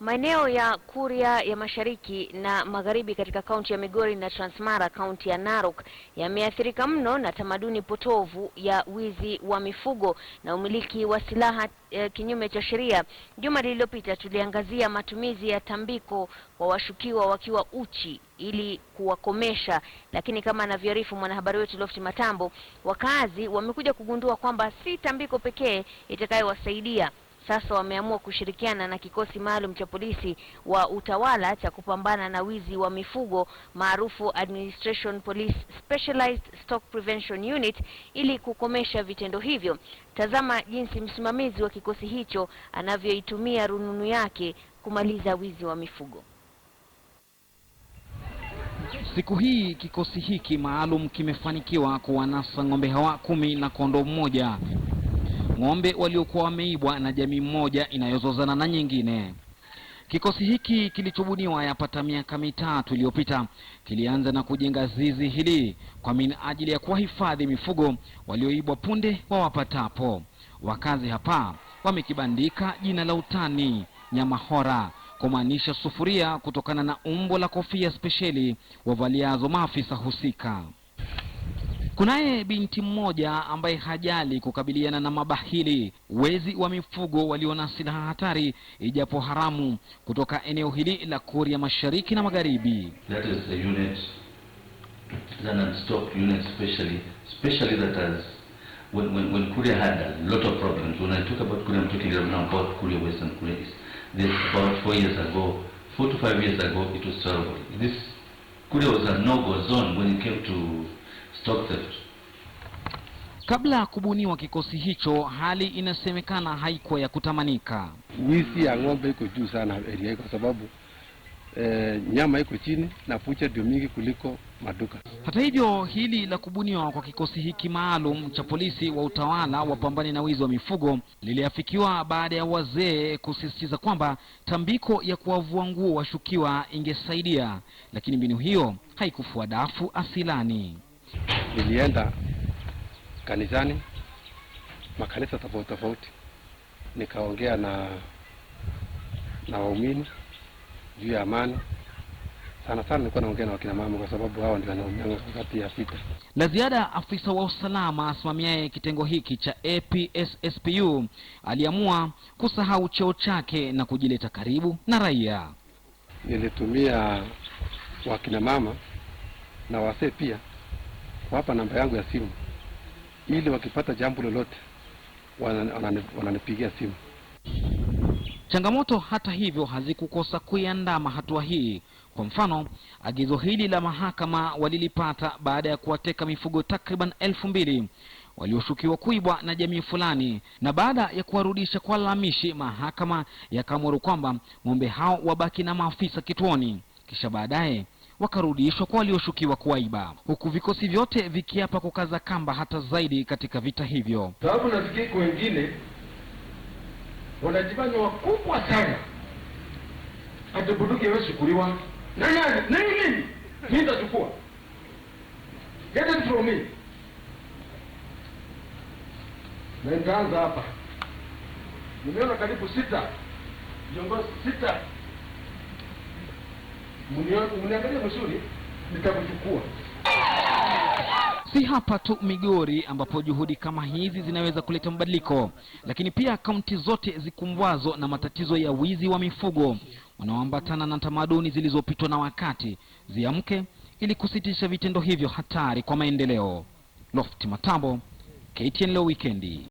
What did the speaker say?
Maeneo ya Kuria ya Mashariki na Magharibi katika kaunti ya Migori na Transmara kaunti ya Narok yameathirika mno na tamaduni potovu ya wizi wa mifugo na umiliki wa silaha e, kinyume cha sheria. Juma lililopita tuliangazia matumizi ya tambiko kwa washukiwa wakiwa uchi ili kuwakomesha, lakini kama anavyoarifu mwanahabari wetu Lofti Matambo, wakazi wamekuja kugundua kwamba si tambiko pekee itakayowasaidia sasa wameamua kushirikiana na kikosi maalum cha polisi wa utawala cha kupambana na wizi wa mifugo maarufu Administration Police Specialized Stock Prevention Unit ili kukomesha vitendo hivyo. Tazama jinsi msimamizi wa kikosi hicho anavyoitumia rununu yake kumaliza wizi wa mifugo. Siku hii kikosi hiki maalum kimefanikiwa kuwanasa ng'ombe hawa kumi na kondoo mmoja ng'ombe waliokuwa wameibwa na jamii moja inayozozana na nyingine. Kikosi hiki kilichobuniwa yapata miaka mitatu iliyopita kilianza na kujenga zizi hili kwa minajili ya kuwahifadhi mifugo walioibwa punde wawapatapo. Wakazi hapa wamekibandika jina la utani Nyamahora, kumaanisha sufuria kutokana na umbo la kofia spesheli wavaliazo maafisa husika. Kunaye binti mmoja ambaye hajali kukabiliana na mabahili, wezi wa mifugo walio na silaha hatari ijapo haramu, kutoka eneo hili la Korea Mashariki na Magharibi. That is the unit, the non-stop unit specially, specially that has, when, when, when Korea had a lot of problems, when I talk about Korea, I'm talking now about Korea West and Korea East. This about four years ago, four to five years ago, it was terrible. This Korea was a no-go zone when it came to Kabla ya kubuniwa kikosi hicho, hali inasemekana haikuwa ya kutamanika. Wizi ya ng'ombe iko juu sana area, kwa sababu e, nyama iko chini na pucha ndio mingi kuliko maduka. Hata hivyo, hili la kubuniwa kwa kikosi hiki maalum cha polisi wa utawala wa pambani na wizi wa mifugo liliafikiwa baada ya wazee kusisitiza kwamba tambiko ya kuwavua nguo washukiwa ingesaidia, lakini mbinu hiyo haikufua dafu asilani nilienda kanisani, makanisa tofauti tofauti, nikaongea na na waumini juu ya amani. Sana sana nilikuwa naongea na wakina mama kwa sababu hao ndio wanaoneana wakati ya vita. La ziada, afisa wa usalama asimamiaye kitengo hiki cha APSSPU aliamua kusahau cheo chake na kujileta karibu na raia. Nilitumia wakina mama na wasee pia kuwapa namba yangu ya simu ili wakipata jambo lolote wananipigia simu. Changamoto hata hivyo hazikukosa kuiandama hatua hii. Kwa mfano, agizo hili la mahakama walilipata baada ya kuwateka mifugo takriban elfu mbili walioshukiwa kuibwa na jamii fulani, na baada ya kuwarudisha kwa lalamishi, mahakama yakaamuru kwamba ng'ombe hao wabaki na maafisa kituoni, kisha baadaye wakarudishwa kwa walioshukiwa kuwaiba, huku vikosi vyote vikiapa kukaza kamba hata zaidi katika vita hivyo, sababu nafikiri kwa wengine wanajifanya wakubwa sana hata bunduki aweshukuliwa na nani mimi mimi nitachukua get it from me nitaanza hapa. Nimeona karibu sita viongozi sita mniangalia vizuri, nitakuchukua. Si hapa tu Migori ambapo juhudi kama hizi zinaweza kuleta mabadiliko, lakini pia kaunti zote zikumbwazo na matatizo ya wizi wa mifugo wanaoambatana na tamaduni zilizopitwa na wakati ziamke ili kusitisha vitendo hivyo hatari kwa maendeleo. Lofti Matambo, KTN leo wikendi.